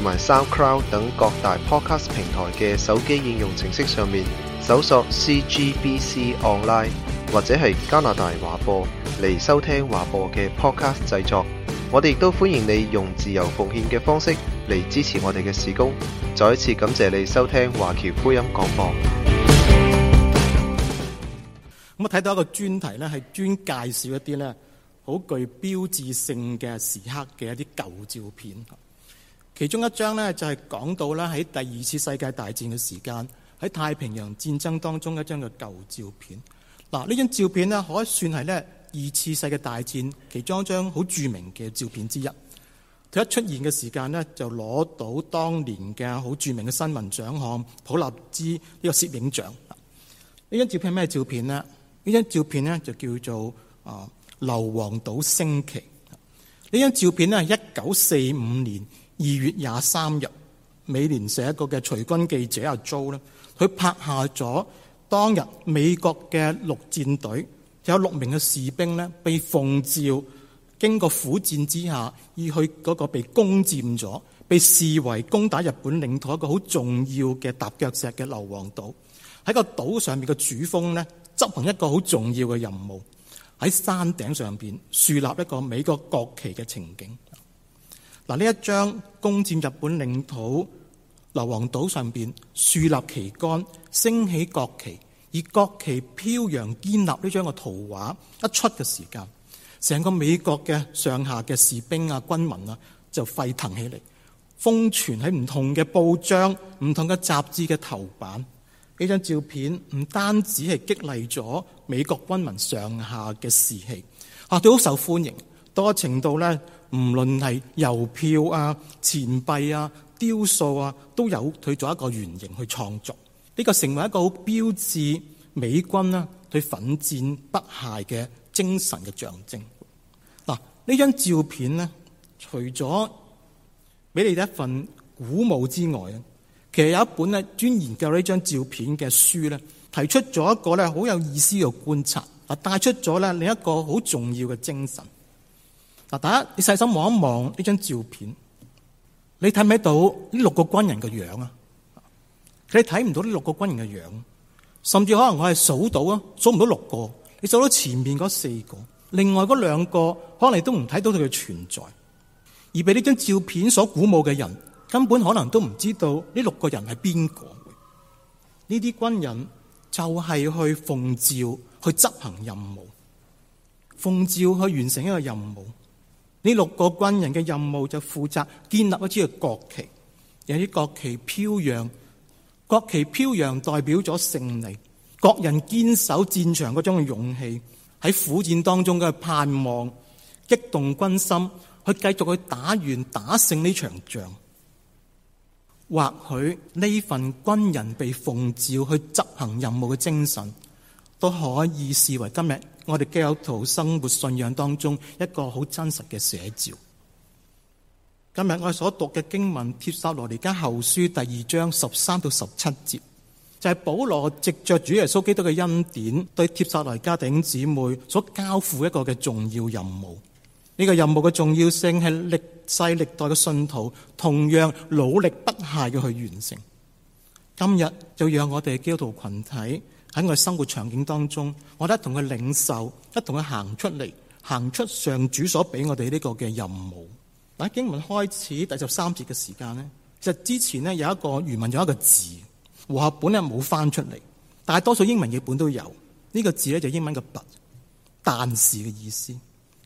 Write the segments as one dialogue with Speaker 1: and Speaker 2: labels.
Speaker 1: 同埋 SoundCloud 等各大 Podcast 平台嘅手機應用程式上面，搜索 CGBC Online 或者係加拿大華播嚟收聽華播嘅 Podcast 製作。我哋亦都歡迎你用自由奉獻嘅方式嚟支持我哋嘅事工。再一次感謝你收聽華僑福音廣播。咁啊，睇到一個專題咧，係專介紹一啲咧好具標誌性嘅時刻嘅一啲舊照片。其中一張呢，就係講到咧喺第二次世界大戰嘅時間，喺太平洋戰爭當中一張嘅舊照片嗱。呢張照片呢，可算係呢二次世界大戰其中一張好著名嘅照片之一。佢一出現嘅時間呢，就攞到當年嘅好著名嘅新聞獎項普立茲呢個攝影獎。呢張照片係咩照片呢？呢張照片呢，就叫做啊硫磺島升旗。呢張照片咧，係一九四五年。二月廿三日，美聯社一個嘅隨軍記者阿 Joe 佢，拍下咗當日美國嘅陸戰隊有六名嘅士兵呢，被奉召經過苦戰之下，以去嗰個被攻佔咗，被視為攻打日本領土一個好重要嘅踏腳石嘅硫磺島。喺個島上面嘅主峰呢，執行一個好重要嘅任務，喺山頂上邊樹立一個美國國旗嘅情景。嗱，呢一張攻佔日本領土硫磺島上面樹立旗杆，升起國旗，以國旗飄揚、堅立呢張嘅圖畫一出嘅時間，成個美國嘅上下嘅士兵啊、軍民啊就沸騰起嚟，瘋傳喺唔同嘅報章、唔同嘅雜誌嘅頭版。呢張照片唔單止係激勵咗美國軍民上下嘅士氣，嚇都好受歡迎，多程度呢？唔論係郵票啊、錢幣啊、雕塑啊，都有佢做一個原型去創作。呢個成為一個好標誌美軍啊佢奮戰不懈嘅精神嘅象徵。嗱，呢張照片呢，除咗俾你哋一份鼓舞之外咧，其實有一本咧專研究呢張照片嘅書咧，提出咗一個咧好有意思嘅觀察，啊，帶出咗咧另一個好重要嘅精神。嗱，大家你細心望一望呢張照片，你睇唔睇到呢六個軍人嘅樣啊？你睇唔到呢六個軍人嘅樣，甚至可能我係數到啊，數唔到六個，你數到前面嗰四個，另外嗰兩個可能你都唔睇到佢嘅存在。而被呢張照片所鼓舞嘅人，根本可能都唔知道呢六個人係邊個。呢啲軍人就係去奉召、去執行任務，奉召去完成一個任務。呢六個軍人嘅任務就負責建立一支嘅國旗，有啲國旗飄揚，國旗飄揚代表咗勝利，國人堅守戰場嗰種嘅勇氣，喺苦戰當中嘅盼望，激動軍心，去繼續去打完打勝呢場仗。或許呢份軍人被奉召去執行任務嘅精神，都可以視為今日。我哋基督徒生活信仰當中一個好真實嘅寫照。今日我哋所讀嘅經文《帖撒羅尼加後書》第二章十三到十七節，就係保羅藉着主耶穌基督嘅恩典，對帖撒羅尼加弟兄姊妹所交付一個嘅重要任務。呢個任務嘅重要性係歷世歷代嘅信徒同樣努力不懈嘅去完成。今日就讓我哋基督徒群體。喺我嘅生活場景當中，我哋一同佢領受，一同佢行出嚟，行出上主所俾我哋呢個嘅任務。喺經文開始第十三節嘅時間咧，就之前咧有一個原文有一個字，和合本咧冇翻出嚟，但係多數英文譯本都有呢個字咧，就是英文嘅 but，但是嘅意思。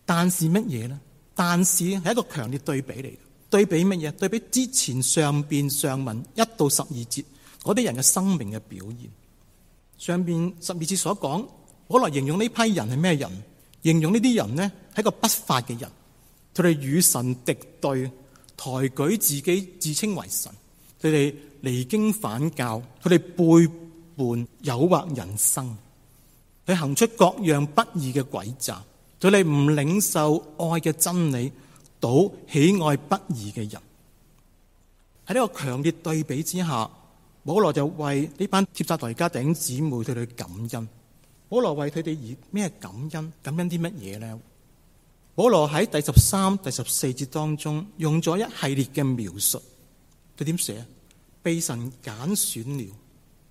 Speaker 1: 但是乜嘢咧？但是係一個強烈對比嚟嘅，對比乜嘢？對比之前上邊上文一到十二節嗰啲人嘅生命嘅表現。上邊十二節所講，我來形容呢批人係咩人？形容呢啲人呢，係個不法嘅人。佢哋與神敵對，抬舉自己，自稱為神。佢哋離經反教，佢哋背叛、誘惑人生，佢行出各樣不義嘅詭詐。佢哋唔領受愛嘅真理，倒喜愛不義嘅人。喺呢個強烈對比之下。保羅就為呢班帖撒羅加弟兄姊妹對佢感恩。保羅為佢哋以咩感恩？感恩啲乜嘢呢？保羅喺第十三、第十四節當中用咗一系列嘅描述。佢點寫？被神揀選了，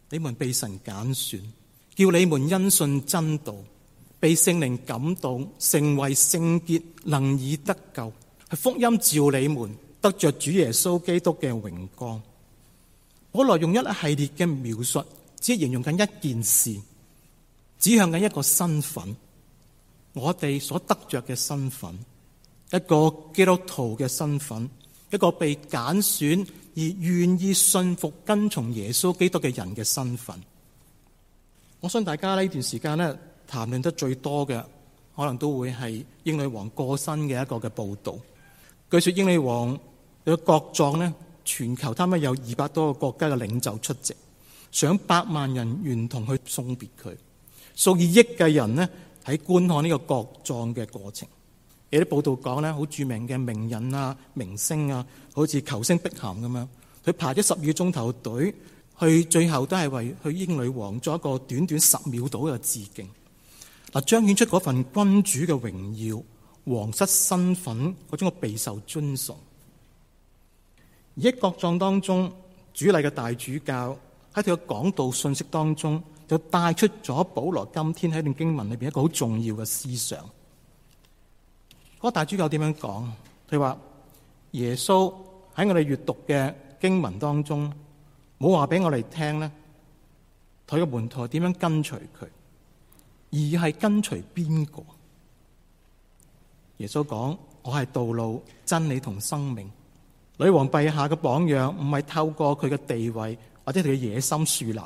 Speaker 1: 你們被神揀選，叫你們因信真道，被聖靈感動，成為聖潔，能以得救，係福音召你們得着主耶穌基督嘅榮光。我來用一系列嘅描述，只係形容緊一件事，指向緊一個身份，我哋所得着嘅身份，一個基督徒嘅身份，一個被揀選而願意信服跟從耶穌基督嘅人嘅身份。我想大家呢段時間咧，談論得最多嘅，可能都會係英女王過身嘅一個嘅報道。據說英女王有國葬咧。全球他們有二百多個國家嘅領袖出席，上百萬人同去送別佢，數以億嘅人呢，喺觀看呢個國葬嘅過程。有啲報道講呢，好著名嘅名人啊、明星啊，好似球星碧咸咁樣，佢排咗十二個鐘頭隊，去最後都係為去英女王做一個短短十秒度嘅致敬。嗱，彰顯出嗰份君主嘅榮耀、皇室身份嗰種備受尊崇。一國葬當中，主禮嘅大主教喺佢嘅講道信息當中，就帶出咗保羅今天喺段經文裏邊一個好重要嘅思想。嗰個大主教點樣講？佢話耶穌喺我哋閱讀嘅經文當中，冇話俾我哋聽咧，佢嘅門徒係點樣跟隨佢，而係跟隨邊個？耶穌講：我係道路、真理同生命。女王陛下嘅榜樣唔係透過佢嘅地位或者佢嘅野心樹立嘅，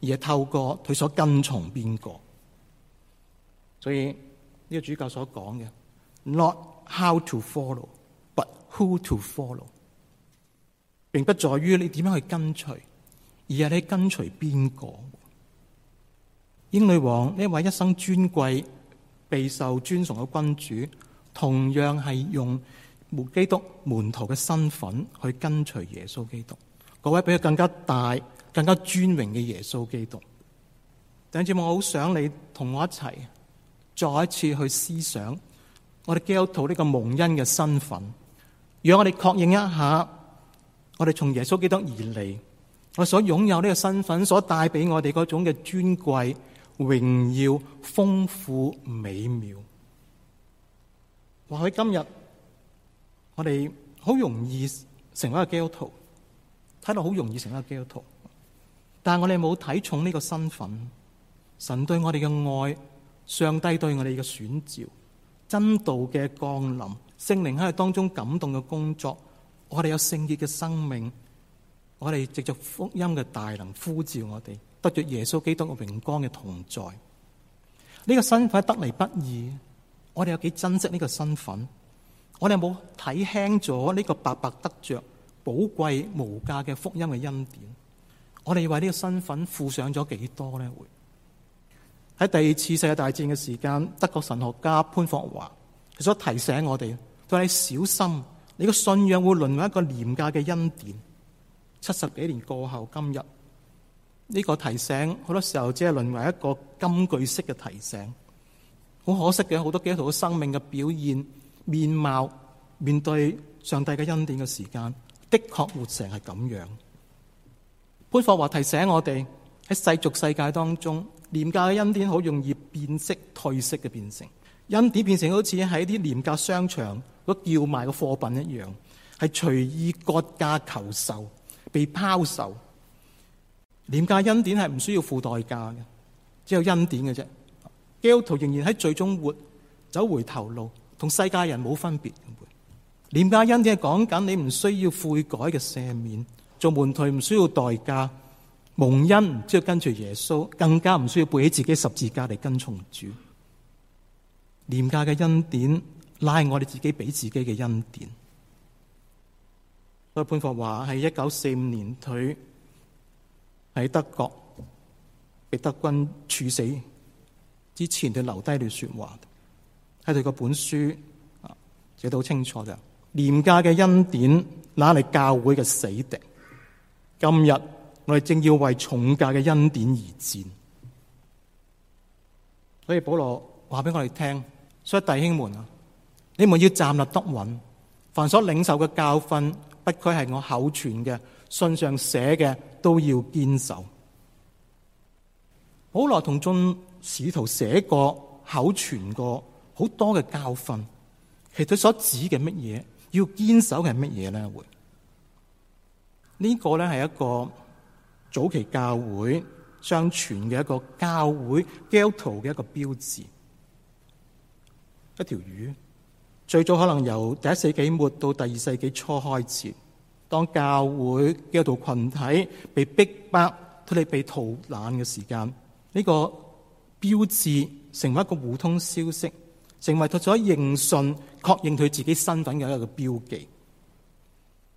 Speaker 1: 而係透過佢所跟從邊個。所以呢個主教所講嘅，Not how to follow，but who to follow，並不在於你點樣去跟隨，而係你跟隨邊個。英女王呢位一生尊貴、備受尊崇嘅君主，同樣係用。木基督門徒嘅身份去跟隨耶穌基督，各位俾佢更加大、更加尊榮嘅耶穌基督。等一住，我好想你同我一齊，再一次去思想我哋基督徒呢個蒙恩嘅身份。讓我哋確認一下，我哋從耶穌基督而嚟，我哋所擁有呢個身份所帶俾我哋嗰種嘅尊貴、榮耀、豐富、美妙。或許今日。我哋好容易成為一個基督徒，睇落好容易成為一個基督徒，但係我哋冇睇重呢個身份。神對我哋嘅愛，上帝對我哋嘅選召，真道嘅降臨，聖靈喺當中感動嘅工作，我哋有聖潔嘅生命，我哋藉着福音嘅大能呼召我哋，得着耶穌基督嘅榮光嘅同在。呢個身份得嚟不易，我哋有幾珍惜呢個身份？我哋有冇睇輕咗呢個白白得着寶貴無價嘅福音嘅恩典？我哋為呢個身份付上咗幾多呢？會喺第二次世界大戰嘅時間，德國神學家潘霍華其所提醒我哋都係小心，你個信仰會淪為一個廉價嘅恩典。七十幾年過後，今日呢、這個提醒好多時候只係淪為一個金句式嘅提醒。好可惜嘅，好多基督徒生命嘅表現面貌，面對上帝嘅恩典嘅時間，的確活成係咁樣。潘霍華提醒我哋喺世俗世界當中，廉價嘅恩典好容易變色褪色嘅變成，恩典變成好似喺啲廉價商場叫賣嘅貨品一樣，係隨意割價求售，被拋售。廉價恩典係唔需要付代價嘅，只有恩典嘅啫。基督徒仍然喺最終活走回頭路。同世界人冇分別，廉價恩典係講緊你唔需要悔改嘅赦免，做門徒唔需要代價，蒙恩唔需要跟住耶穌，更加唔需要背起自己十字架嚟跟從主。廉價嘅恩典拉我哋自己俾自己嘅恩典。潘霍華話係一九四五年佢喺德國被德軍處死之前，佢留低咗說話。喺佢本書啊，寫得好清楚嘅，廉價嘅恩典拿嚟教會嘅死敵。今日我哋正要為重價嘅恩典而戰。所以保羅話俾我哋聽：，所以弟兄們啊，你們要站立得穩，凡所領受嘅教訓，不拘係我口傳嘅、信上寫嘅，都要堅守。保羅同眾使徒寫過、口傳過。好多嘅教訓，其實所指嘅乜嘢？要堅守嘅係乜嘢咧？會呢個咧係一個早期教會相傳嘅一個教會基督徒嘅一個標誌，一條魚，最早可能由第一世紀末到第二世紀初開始，當教會基督徒群體被逼迫，佢哋被逃難嘅時間，呢、這個標誌成為一個互通消息。成為佢所認信、確認佢自己身份嘅一個標記。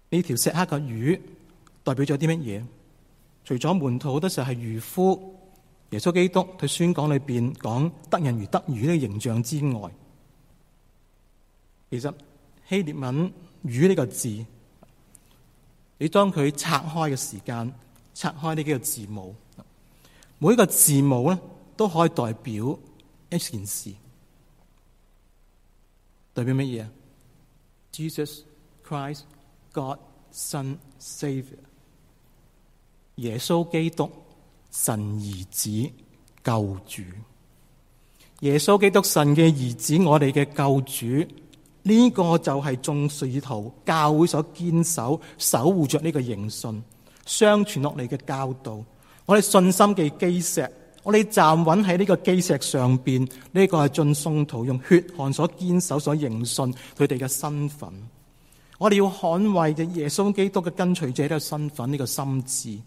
Speaker 1: 呢條石刻嘅魚代表咗啲乜嘢？除咗門徒好多時候係漁夫，耶穌基督佢宣講裏邊講得人如得魚呢個形象之外，其實希臘文魚呢個字，你當佢拆開嘅時間，拆開呢幾個字母，每一個字母咧都可以代表一件事。代表乜嘢啊？Jesus Christ God Son Savior 耶穌基，基督神兒子，救主，耶穌基督神嘅兒子，我哋嘅救主呢，這個就係眾信徒教會所堅守、守護着呢個認信、相傳落嚟嘅教導，我哋信心嘅基石。.我哋站穩喺呢個基石上邊，呢、這個係盡送徒用血汗所堅守、所認信佢哋嘅身份。我哋要捍衛嘅耶穌基督嘅跟隨者呢個身份、呢、這個心智，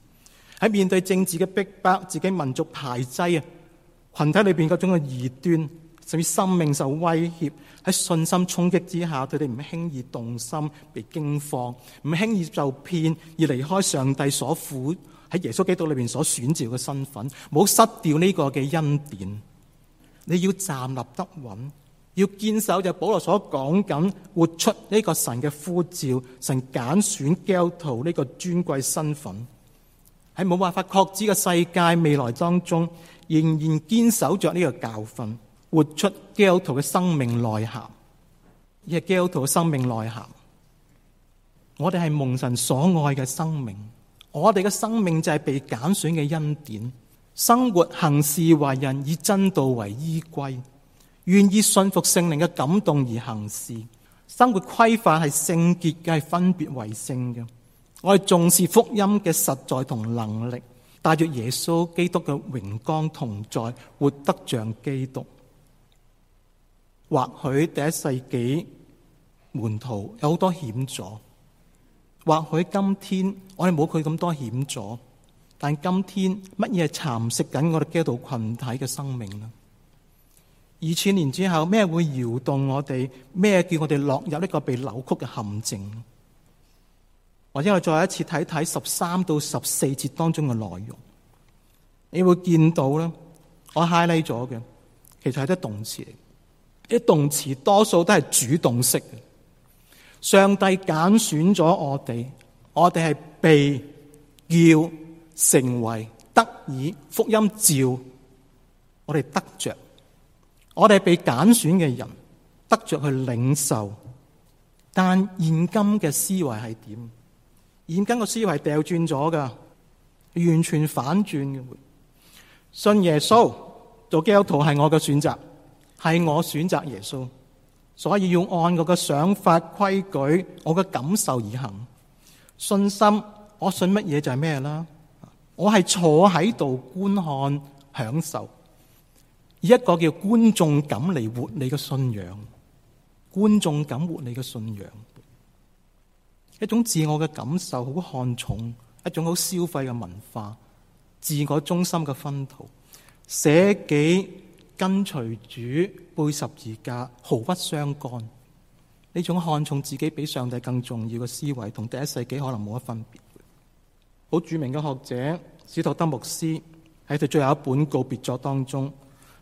Speaker 1: 喺面對政治嘅逼迫，迫、自己民族排擠啊、群體裏邊各種嘅異端，甚至生命受威脅，喺信心衝擊之下，佢哋唔輕易動心、被驚慌，唔輕易受騙而離開上帝所苦。喺耶穌基督裏邊所選召嘅身份，冇失掉呢個嘅恩典。你要站立得穩，要堅守就保羅所講緊，活出呢個神嘅呼召，神揀選基督徒呢個尊貴身份，喺冇辦法確知嘅世界未來當中，仍然堅守着呢個教訓，活出基督徒嘅生命內涵。而係基督徒嘅生命內涵，我哋係蒙神所愛嘅生命。我哋嘅生命就係被揀選嘅恩典，生活行事為人，以真道為依歸，願意信服聖靈嘅感動而行事。生活規範係聖潔嘅，係分別為聖嘅。我哋重視福音嘅實在同能力，帶住耶穌基督嘅榮光同在，活得像基督。或許第一世紀門徒有好多險阻。或許今天我哋冇佢咁多險阻，但今天乜嘢係蠶食緊我哋基督群體嘅生命咧？二千年之後咩會搖動我哋？咩叫我哋落入呢個被扭曲嘅陷阱？或者我再一次睇睇十三到十四節當中嘅內容，你會見到咧，我 highlight 咗嘅，其實係啲動詞嚟，啲動詞多數都係主動式嘅。上帝揀選咗我哋，我哋係被叫成為得以福音照。我哋得着，我哋被揀選嘅人得着去領受。但現今嘅思維係點？現今嘅思維掉轉咗噶，完全反轉嘅。信耶穌做基督徒係我嘅選擇，係我選擇耶穌。所以要按我嘅想法規矩，我嘅感受而行。信心，我信乜嘢就係咩啦？我係坐喺度觀看享受，以一個叫觀眾感嚟活你嘅信仰。觀眾感活你嘅信仰，一種自我嘅感受，好看重一種好消費嘅文化，自我中心嘅分途，寫幾。跟隨主背十二架，毫不相干。呢種看重自己比上帝更重要嘅思維，同第一世紀可能冇乜分別。好著名嘅學者史托德牧師喺佢最後一本告別作當中，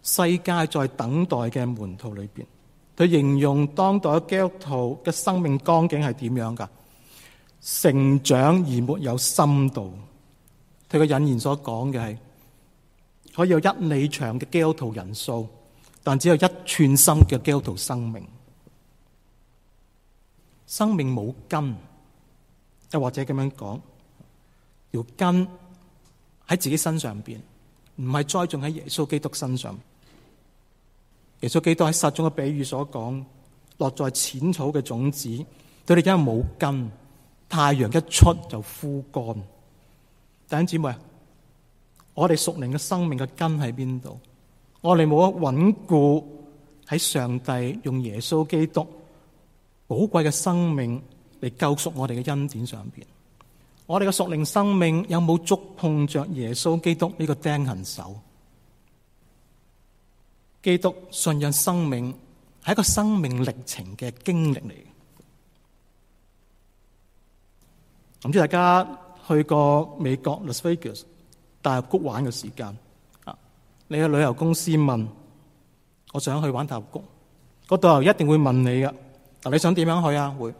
Speaker 1: 世界在等待嘅門徒裏邊，佢形容當代嘅基督徒嘅生命光景係點樣噶成長而沒有深度，佢個引言所講嘅係。可以有一里長嘅基督徒人數，但只有一寸深嘅基督徒生命。生命冇根，又或者這樣講，條根喺自己身上邊，唔係栽種喺耶穌基督身上。耶穌基督喺撒種嘅比喻所講，落在淺草嘅種子，佢哋因為冇根，太陽一出就枯乾。弟兄姊妹我哋屬靈嘅生命嘅根喺邊度？我哋冇得穩固喺上帝用耶穌基督寶貴嘅生命嚟救贖我哋嘅恩典上邊。我哋嘅屬靈生命有冇觸碰着耶穌基督呢個釘痕手？基督信任生命係一個生命歷程嘅經歷嚟。唔知大家去過美國 Las Vegas？大峽谷玩嘅時間，啊！你去旅遊公司問，我想去玩大峽谷，個導遊一定會問你㗎。但你想點樣去啊？會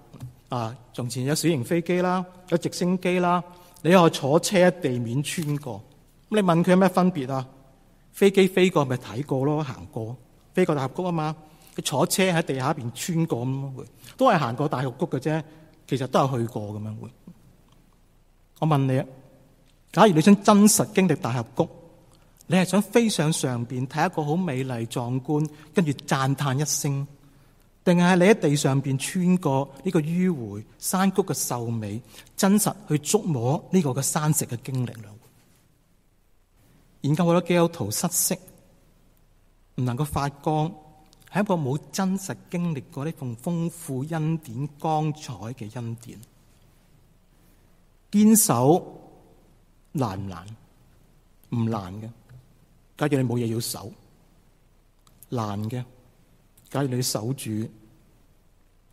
Speaker 1: 啊？從前有小型飛機啦，有直升機啦，你又坐車喺地面穿過。咁你問佢有咩分別啊？飛機飛過咪睇過咯，行過飛過大峽谷啊嘛。佢坐車喺地下邊穿過咁，都係行過大峽谷嘅啫。其實都係去過咁樣會。我問你啊？假如你想真實經歷大峽谷，你係想飛上上邊睇一個好美麗壯觀，跟住讚嘆一聲，定係你喺地上邊穿過呢個迂回山谷嘅秀美，真實去觸摸呢個嘅山石嘅經歷啦。研究好多基督徒失色，唔能夠發光，係一個冇真實經歷過呢份豐富恩典光彩嘅恩典，堅守。難唔難？唔難嘅，假如你冇嘢要守，難嘅，假如你守住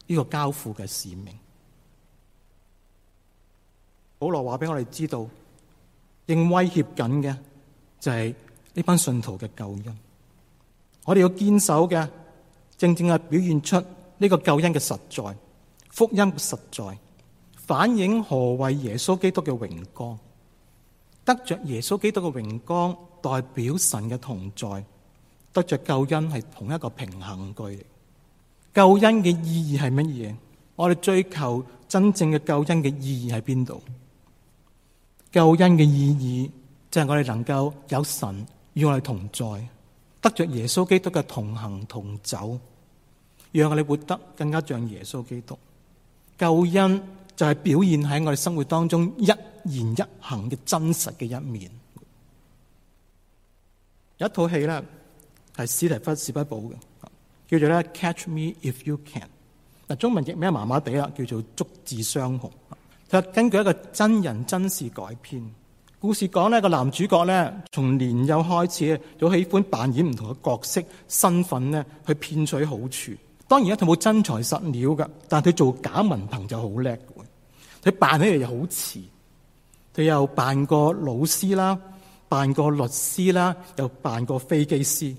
Speaker 1: 呢個交付嘅使命，保羅話俾我哋知道，正威脅緊嘅就係呢班信徒嘅救恩。我哋要堅守嘅，正正係表現出呢個救恩嘅實在，福音嘅實在，反映何謂耶穌基督嘅榮光。得着耶穌基督嘅榮光，代表神嘅同在；得着救恩係同一個平衡句。救恩嘅意義係乜嘢？我哋追求真正嘅救恩嘅意義喺邊度？救恩嘅意義就係我哋能夠有神與我哋同在，得着耶穌基督嘅同行同走，讓我哋活得更加像耶穌基督。救恩。就係、是、表現喺我哋生活當中一言一行嘅真實嘅一面。有一套戲啦，係史蒂芬·史匹堡嘅，叫做咧《Catch Me If You Can》，嗱，中文譯名麻麻地啦，叫做《捉智雙雄》。根據一個真人真事改編，故事講呢個男主角咧，從年幼開始，就喜歡扮演唔同嘅角色身份咧，去騙取好處。當然咧，佢冇真材實料噶，但係佢做假文憑就好叻嘅。佢扮起嚟又好似，佢又扮過老師啦，扮過律師啦，又扮過飛機師。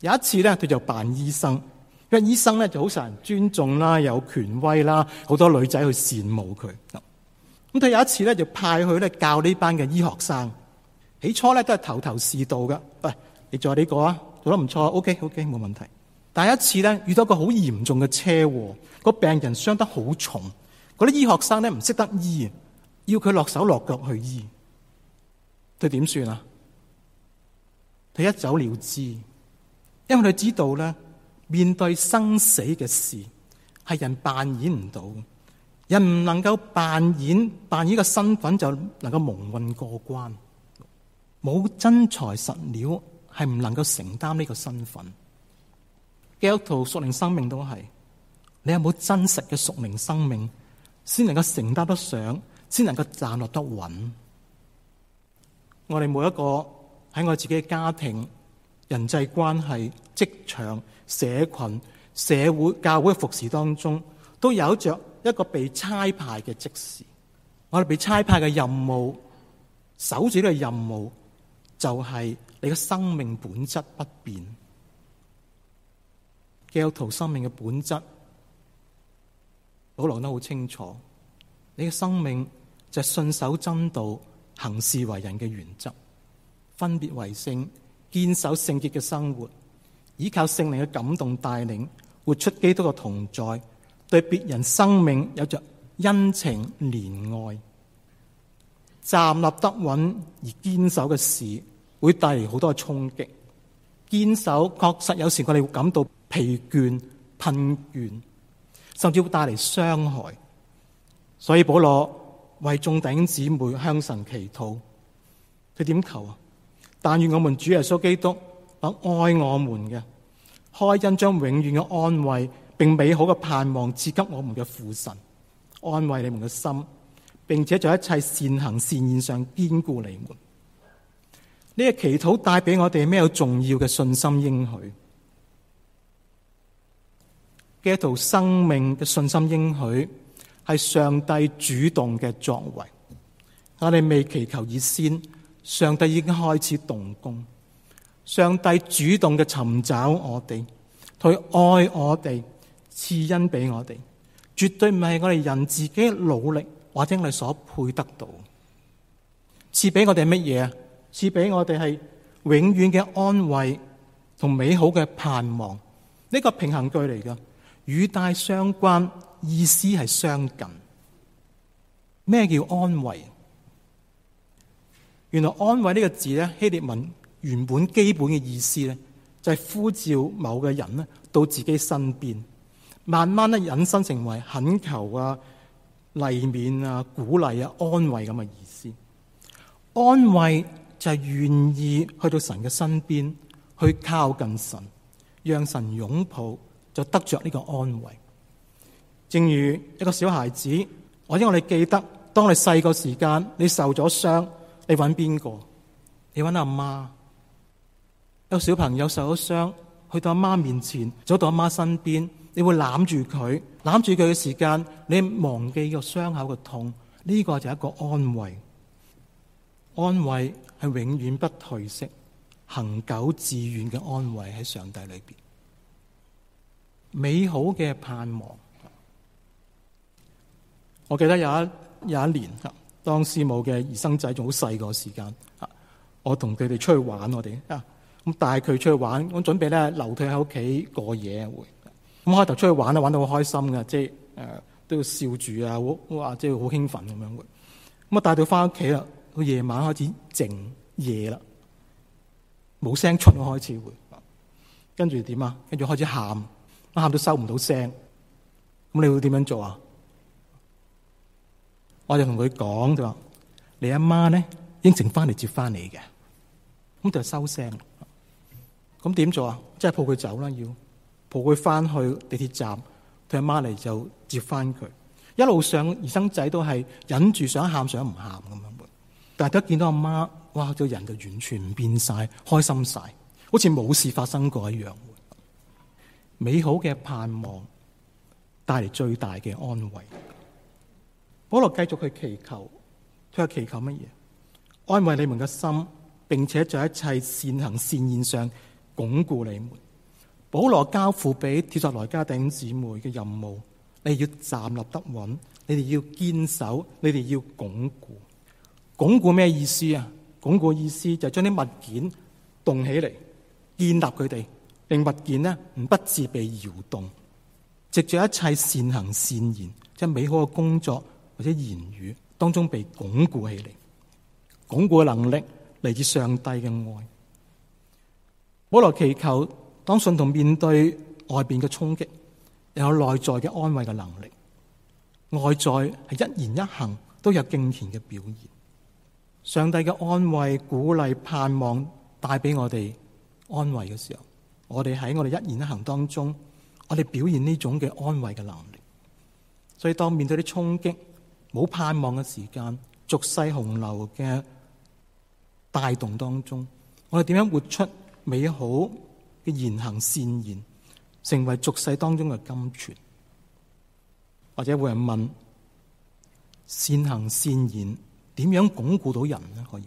Speaker 1: 有一次咧，佢就扮醫生，因為醫生咧就好受人尊重啦，有權威啦，好多女仔去羨慕佢。咁佢有一次咧，就派佢去教呢班嘅醫學生。起初咧都係頭頭是道噶，喂、哎，你做下、這、呢個啊，做得唔錯，OK OK，冇問題。第一次咧，遇到一個好嚴重嘅車禍，個病人傷得好重，嗰啲醫學生咧唔識得醫，要佢落手落腳去醫，佢點算啊？佢一走了之，因為佢知道咧，面對生死嘅事，係人扮演唔到，人唔能夠扮演，扮演個身份就能夠蒙混過關，冇真材實料係唔能夠承擔呢個身份。基督徒屬靈生命都係，你有冇真實嘅屬靈生命，先能夠承擔得上，先能夠站立得穩。我哋每一個喺我自己嘅家庭、人際關係、職場、社群、社會、教會嘅服侍當中，都有着一個被差派嘅職事。我哋被差派嘅任務，守住呢個任務就係、是、你嘅生命本質不變。基督徒生命嘅本質，保羅都好清楚。你嘅生命就係信守真道、行事為人嘅原則，分別為聖、堅守聖潔嘅生活，依靠聖靈嘅感動帶領，活出基督嘅同在，對別人生命有着恩情憐愛。站立得穩而堅守嘅事，會帶嚟好多嘅衝擊。堅守確實有時佢哋會感到。疲倦、噴倦，甚至會帶嚟傷害。所以保羅為眾弟兄姊妹向神祈禱，佢點求啊？但願我們主耶穌基督把愛我們嘅開恩，將永遠嘅安慰並美好嘅盼望賜給我們嘅父神，安慰你們嘅心，並且在一切善行善言上堅固你們。呢、這個祈禱帶俾我哋咩有什麼重要嘅信心應許？一生命嘅信心應許，係上帝主動嘅作為。我哋未祈求以先，上帝已經開始動工。上帝主動嘅尋找我哋，佢愛我哋，賜恩俾我哋，絕對唔係我哋人自己努力或者我哋所配得到。賜俾我哋係乜嘢啊？賜俾我哋係永遠嘅安慰同美好嘅盼望。呢、這個平衡句嚟㗎。與大相關，意思係相近。咩叫安慰？原來安慰呢個字咧，希臘文原本基本嘅意思咧，就係呼召某個人到自己身邊，慢慢咧引申成為懇求啊、勵勉啊、鼓勵啊、安慰咁嘅意思。安慰就係願意去到神嘅身邊，去靠近神，讓神擁抱。就得着呢個安慰，正如一個小孩子，我者我，你記得，當你細個時間你受咗傷，你揾邊個？你揾阿媽。有小朋友受咗傷，去到阿媽面前，走到阿媽身邊，你會攬住佢，攬住佢嘅時間，你忘記個傷口嘅痛。呢個就係一個安慰，安慰係永遠不褪色、恆久自願嘅安慰喺上帝裏邊。美好嘅盼望。我記得有一有一年，當師母嘅兒生仔仲好細個時間，我同佢哋出去玩，我哋啊咁帶佢出去玩，我準備咧留佢喺屋企過夜會。咁開頭出去玩啊，玩得好開心㗎，即係誒、呃、都要笑住啊，哇！即係好興奮咁樣。咁啊帶到返屋企啦，到夜晚開始靜夜啦，冇聲出開始會，跟住點啊？跟住開始喊。喊到收唔到聲，咁你會點樣做啊？我就同佢講就話：你阿媽咧應承翻嚟接翻你嘅。咁就收聲。咁點做啊？即係抱佢走啦，要抱佢翻去地鐵站，佢阿媽嚟就接翻佢。一路上，兒生仔都係忍住想喊想唔喊咁樣，但係一見到阿媽，哇！咗、個、人就完全變晒，開心晒，好似冇事發生過一樣。美好嘅盼望帶嚟最大嘅安慰。保羅繼續去祈求，佢話祈求乜嘢？安慰你們嘅心，並且在一切善行善言上鞏固你們。保羅交付俾帖撒羅尼迦弟兄姊妹嘅任務，你要站立得穩，你哋要堅守，你哋要鞏固。鞏固咩意思啊？鞏固意思就將啲物件動起嚟，建立佢哋。令物件唔不致被搖動，藉住一切善行善言，即、就是、美好嘅工作或者言語當中被鞏固起嚟。鞏固嘅能力嚟自上帝嘅愛。保羅祈求當信徒面對外邊嘅衝擊，又有內在嘅安慰嘅能力。外在係一言一行都有敬虔嘅表現。上帝嘅安慰、鼓勵、盼望帶俾我哋安慰嘅時候。我哋喺我哋一言一行當中，我哋表現呢種嘅安慰嘅能力。所以當面對啲衝擊、冇盼望嘅時間、俗世洪流嘅帶動當中，我哋點樣活出美好嘅言行善言，成為俗世當中嘅甘泉？或者會有人問：善行善言點樣鞏固到人咧？可以？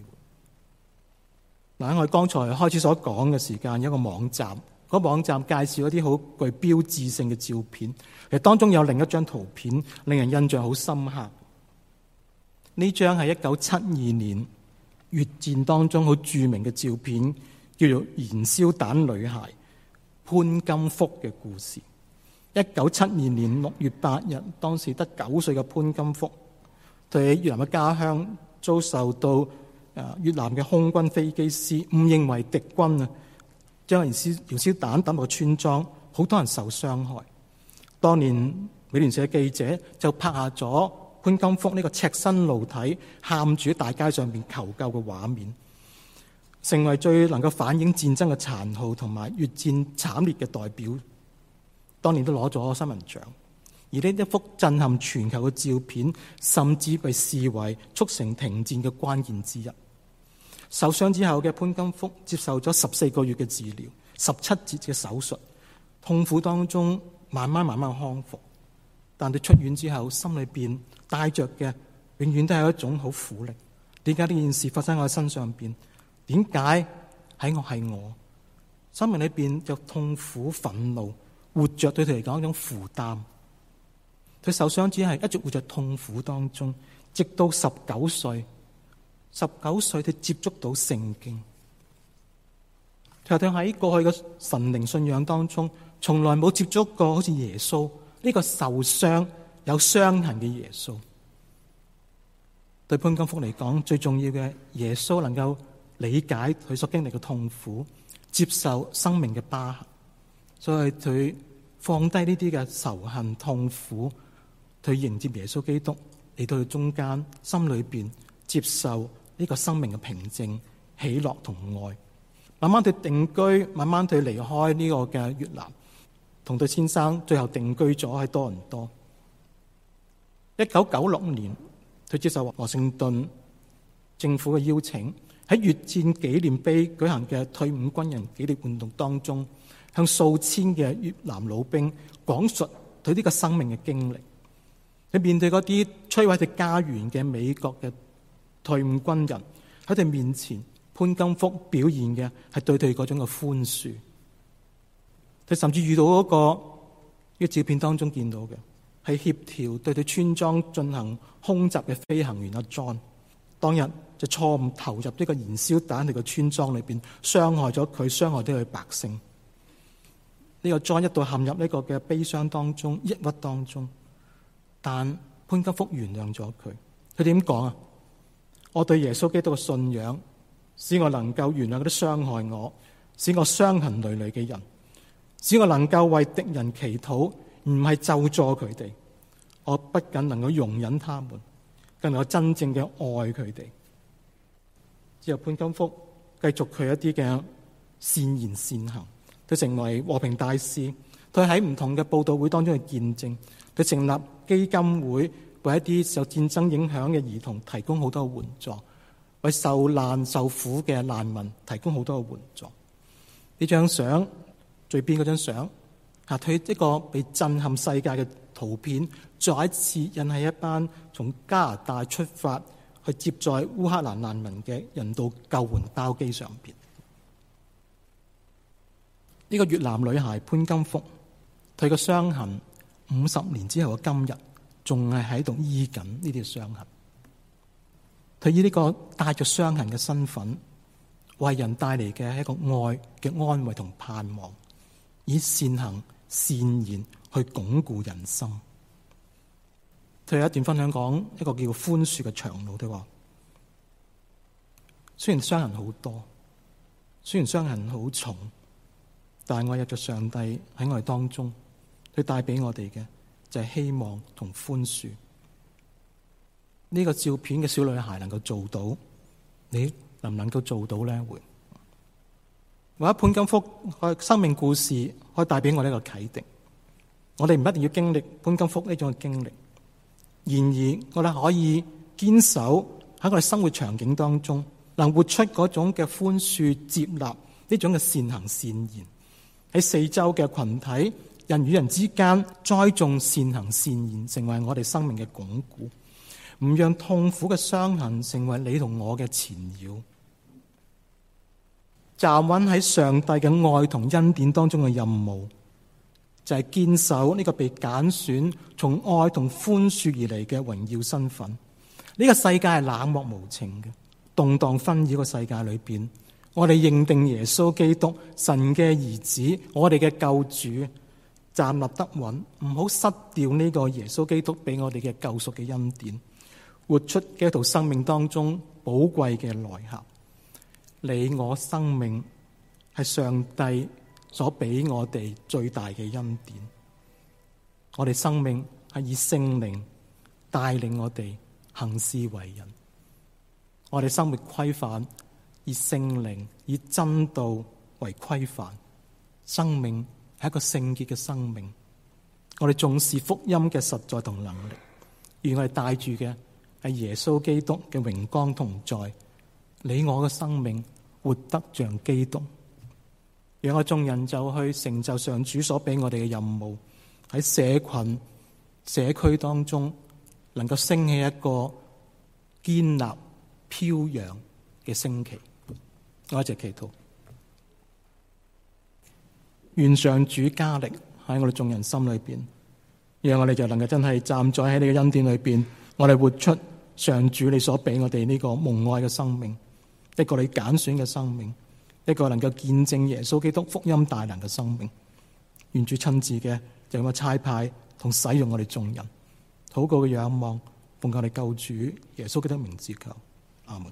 Speaker 1: 喺我剛才開始所講嘅時間，有一個網站，嗰網站介紹一啲好具標誌性嘅照片。其實當中有另一張圖片令人印象好深刻。呢張係一九七二年越戰當中好著名嘅照片，叫做《燃燒彈女孩》潘金福嘅故事。一九七二年六月八日，當時得九歲嘅潘金福，佢喺越南嘅家鄉遭受到。啊！越南嘅空軍飛機師誤認為敵軍啊，將燃燒燃燒彈抌落村莊，好多人受傷害。當年美聯社嘅記者就拍下咗潘金福呢個赤身露體喊住喺大街上邊求救嘅畫面，成為最能夠反映戰爭嘅殘酷同埋越戰慘烈嘅代表。當年都攞咗新聞獎。而呢一幅震撼全球嘅照片，甚至被視為促成停戰嘅關鍵之一。受傷之後嘅潘金福接受咗十四個月嘅治療，十七節嘅手術，痛苦當中慢慢慢慢康復。但佢出院之後，心裏邊帶着嘅永遠都係一種好苦力。點解呢件事發生喺我身上邊？點解喺我係我？生命裏邊有痛苦、憤怒、活着對佢嚟講一種負擔。佢受傷，只係一直活在痛苦當中，直到十九歲。十九歲，佢接觸到聖經。佢喺過去嘅神靈信仰當中，從來冇接觸過好似耶穌呢個受傷、有傷痕嘅耶穌。對潘金福嚟講，最重要嘅耶穌能夠理解佢所經歷嘅痛苦，接受生命嘅疤痕，所以佢放低呢啲嘅仇恨、痛苦。佢迎接耶穌基督嚟到佢中間，心裏邊接受呢個生命嘅平靜、喜樂同愛。慢慢佢定居，慢慢佢離開呢個嘅越南，同佢先生最後定居咗喺多倫多。一九九六年，佢接受華盛頓政府嘅邀請，喺越戰紀念碑舉行嘅退伍軍人紀念活動當中，向數千嘅越南老兵講述佢呢個生命嘅經歷。你面對嗰啲摧毀佢家園嘅美國嘅退伍軍人喺佢面前，潘金福表現嘅係對佢嗰種嘅寬恕。佢甚至遇到嗰、嗰個嘅、呢個、照片當中見到嘅係協調對佢村莊進行空襲嘅飛行員阿 John，當日就錯誤投入呢個燃燒彈喺個村莊裏邊，傷害咗佢，傷害咗佢百姓。呢、呢個 John 一度陷入呢個嘅悲傷當中、抑鬱當中。但潘金福原諒咗佢。佢點講啊？我對耶穌基督嘅信仰使我能夠原諒嗰啲傷害我、使我傷痕累累嘅人，使我能夠為敵人祈禱，唔係咒詛佢哋。我不僅能夠容忍他們，更能夠真正嘅愛佢哋。之後潘金福繼續佢一啲嘅善言善行，佢成為和平大使，佢喺唔同嘅佈道會當中去見證，佢成立。基金會為一啲受戰爭影響嘅兒童提供好多援助，為受難受苦嘅難民提供好多援助。呢張相最邊嗰張相吓，睇一個被震撼世界嘅圖片，再一次印喺一班從加拿大出發去接載烏克蘭難民嘅人道救援包機上邊。呢個越南女孩潘金福，佢個傷痕。五十年之後嘅今日，仲係喺度醫緊呢啲傷痕。佢以呢個帶着傷痕嘅身份，為人帶嚟嘅一個愛嘅安慰同盼望，以善行善言去鞏固人心。佢有一段分享講一個叫寬恕嘅長路，佢話：雖然傷痕好多，雖然傷痕好重，但係我有著上帝喺我哋當中。佢帶俾我哋嘅就係、是、希望同寬恕呢、這個照片嘅小女孩能夠做到，你能唔能夠做到呢？會或者潘金福生命故事可以帶俾我呢個啟迪，我哋唔一定要經歷潘金福呢種嘅經歷，然而我哋可以堅守喺我哋生活場景當中，能活出嗰種嘅寬恕接納呢種嘅善行善言喺四周嘅群體。人與人之間栽種善行善言，成為我哋生命嘅鞏固，唔讓痛苦嘅傷痕成為你同我嘅纏繞。站穩喺上帝嘅愛同恩典當中嘅任務，就係堅守呢個被揀選從愛同寬恕而嚟嘅榮耀身份。呢個世界係冷漠無情嘅動盪紛擾嘅世界裏邊，我哋認定耶穌基督神嘅兒子，我哋嘅救主。站立得穩，唔好失掉呢個耶穌基督俾我哋嘅救贖嘅恩典，活出基督生命當中寶貴嘅內涵。你我生命係上帝所俾我哋最大嘅恩典。我哋生命係以聖靈帶領我哋行事為人，我哋生活規範以聖靈以真道為規範，生命，係一個聖潔嘅生命，我哋重視福音嘅實在同能力，而我哋帶住嘅係耶穌基督嘅榮光同在，你我嘅生命活得像基督。讓我眾人就去成就上主所俾我哋嘅任務，喺社群、社區當中，能夠升起一個堅立、飄揚嘅升旗。我一直祈禱。願上主加力喺我哋眾人心裏邊，讓我哋就能夠真係站在喺你嘅恩典裏邊，我哋活出上主你所俾我哋呢個蒙愛嘅生命，一個你揀選嘅生命，一個能夠見證耶穌基督福音大能嘅生命。願主親自嘅就咁嘅差派同使用我哋眾人，禱告嘅仰望，奉我哋救主耶穌基督名字求，阿門。